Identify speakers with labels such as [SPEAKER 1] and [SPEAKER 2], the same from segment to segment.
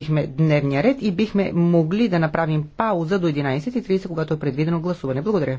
[SPEAKER 1] Бихме дневния ред и бихме могли да направим пауза до 11.30, когато е предвидено гласуване. Благодаря.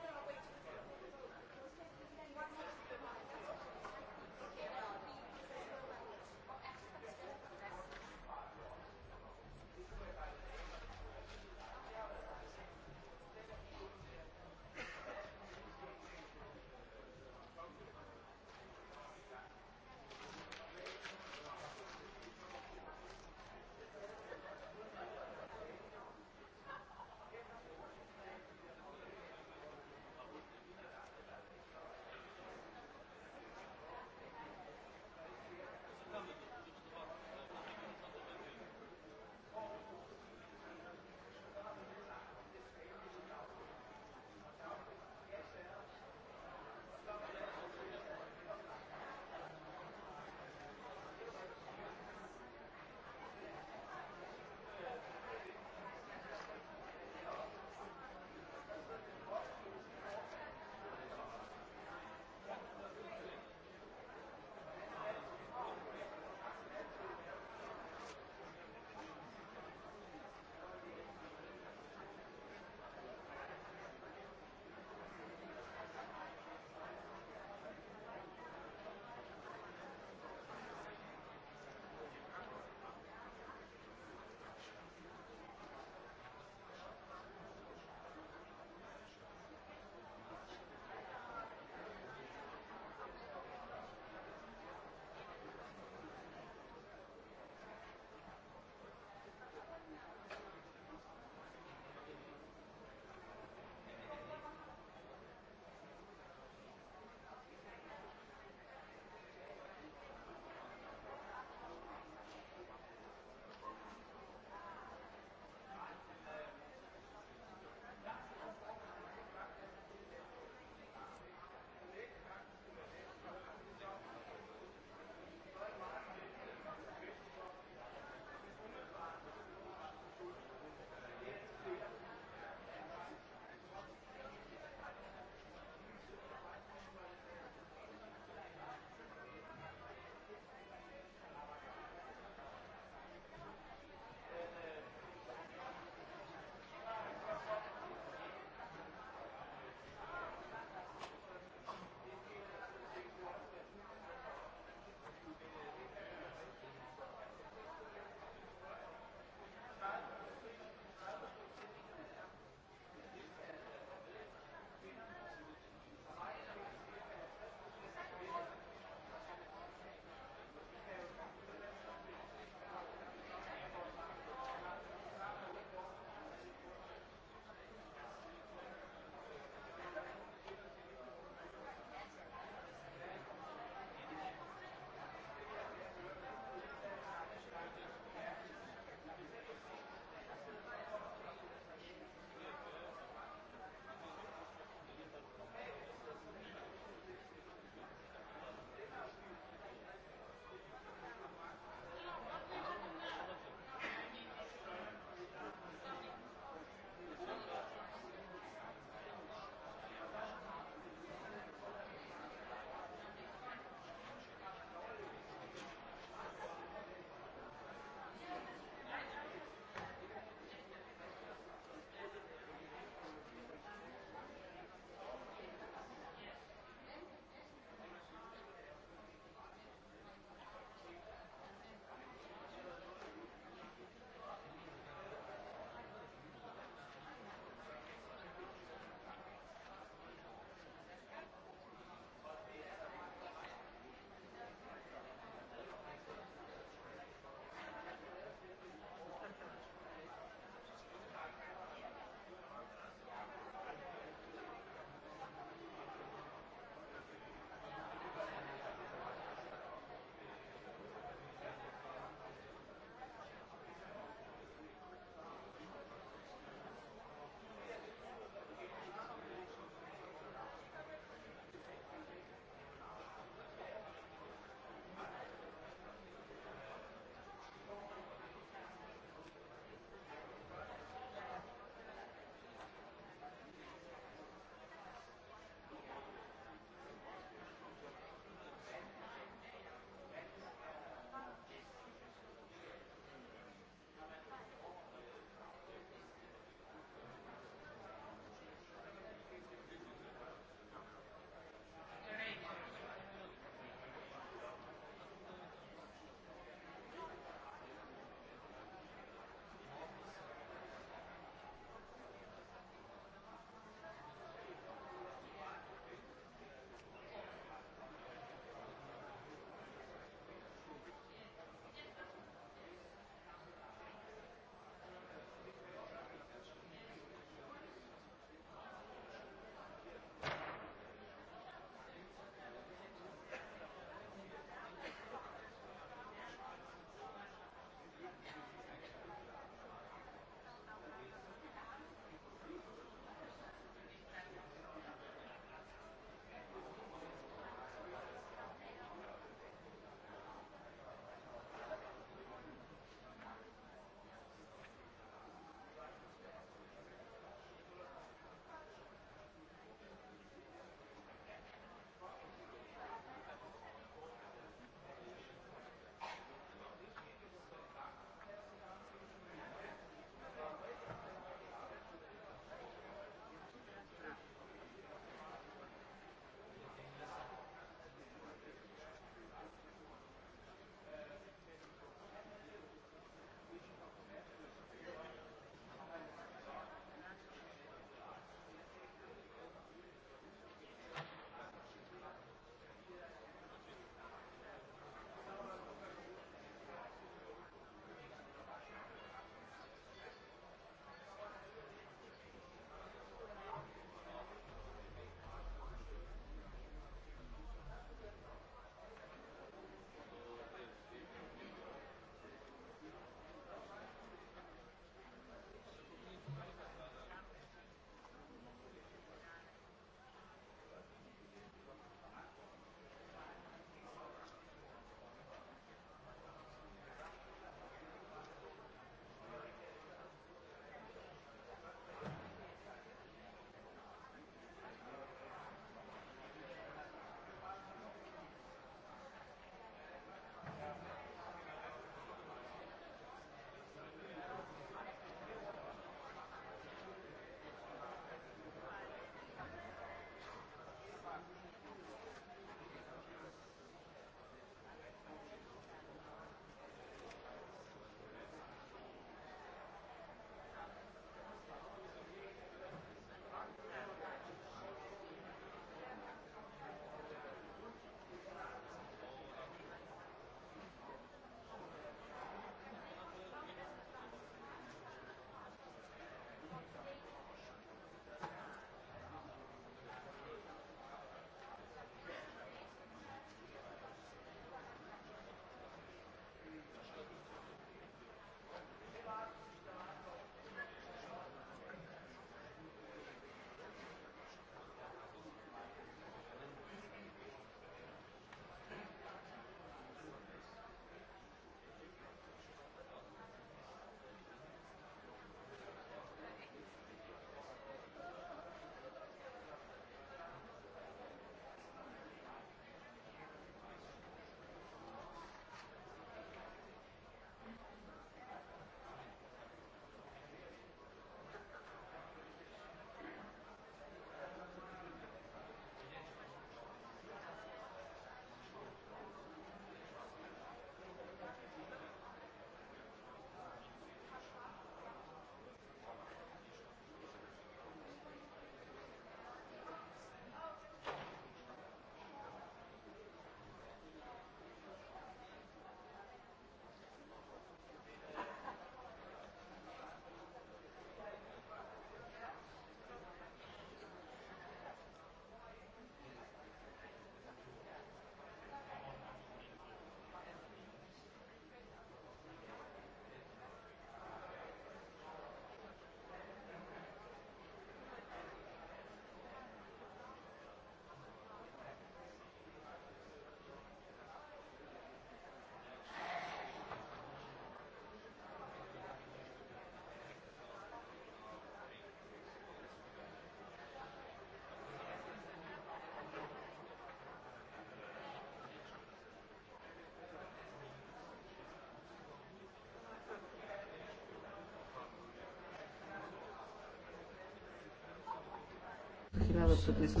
[SPEAKER 1] гласувайте.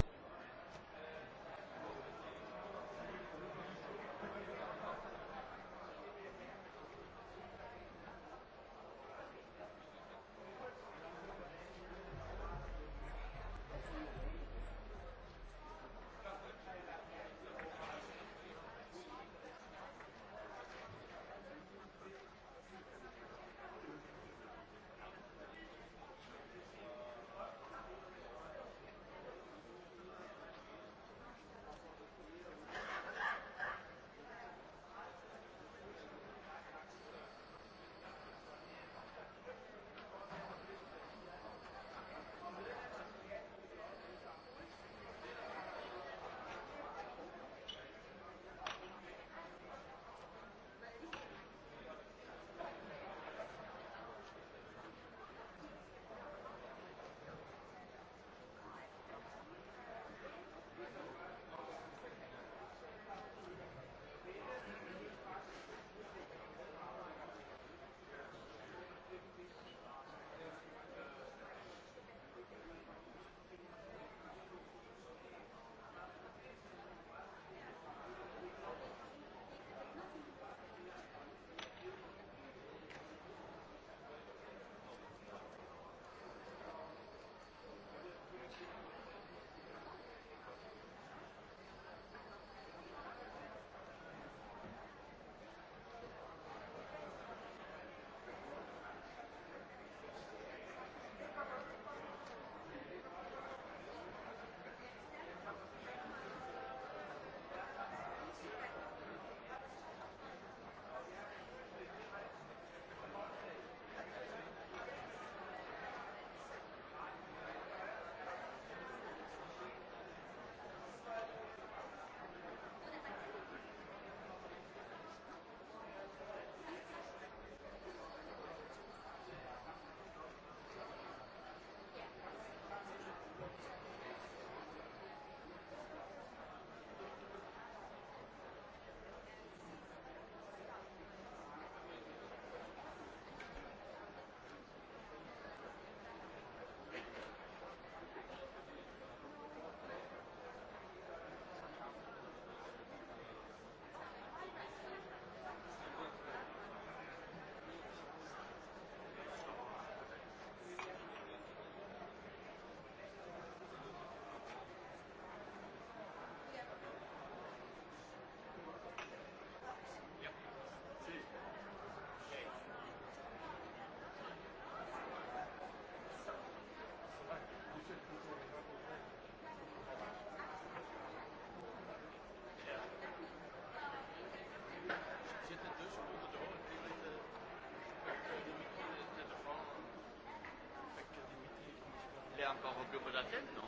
[SPEAKER 1] Par Rocco Bonatelle, non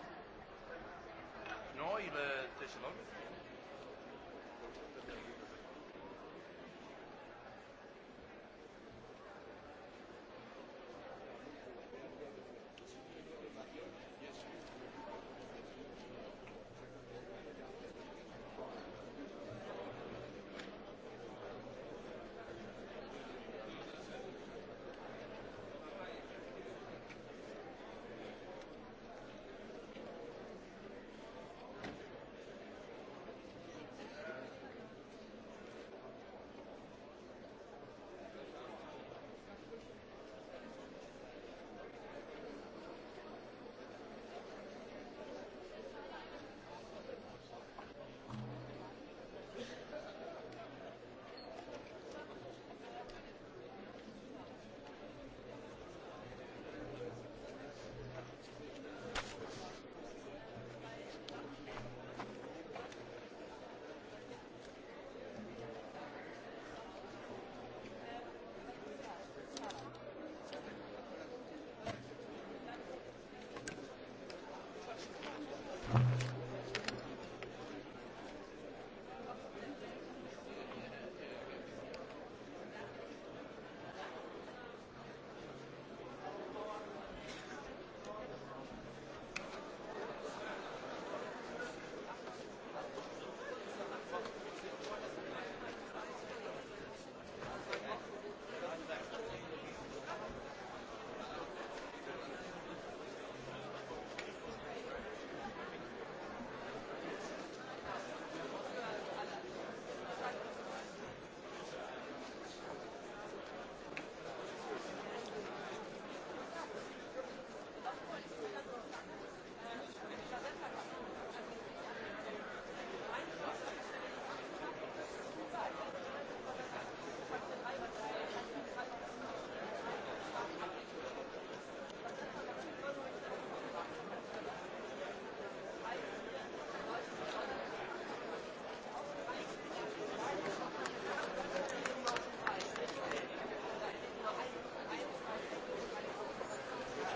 [SPEAKER 1] Non, il est thessalonique.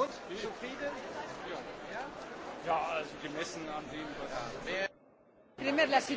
[SPEAKER 1] Und? Zufrieden? Ja, Ja, also gemessen an dem, was. Ja.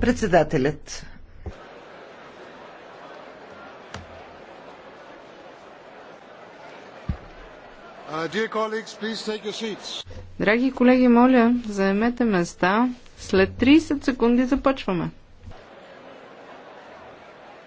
[SPEAKER 1] Председателят uh, Драги колеги, моля, заемете места. След 30 секунди започваме.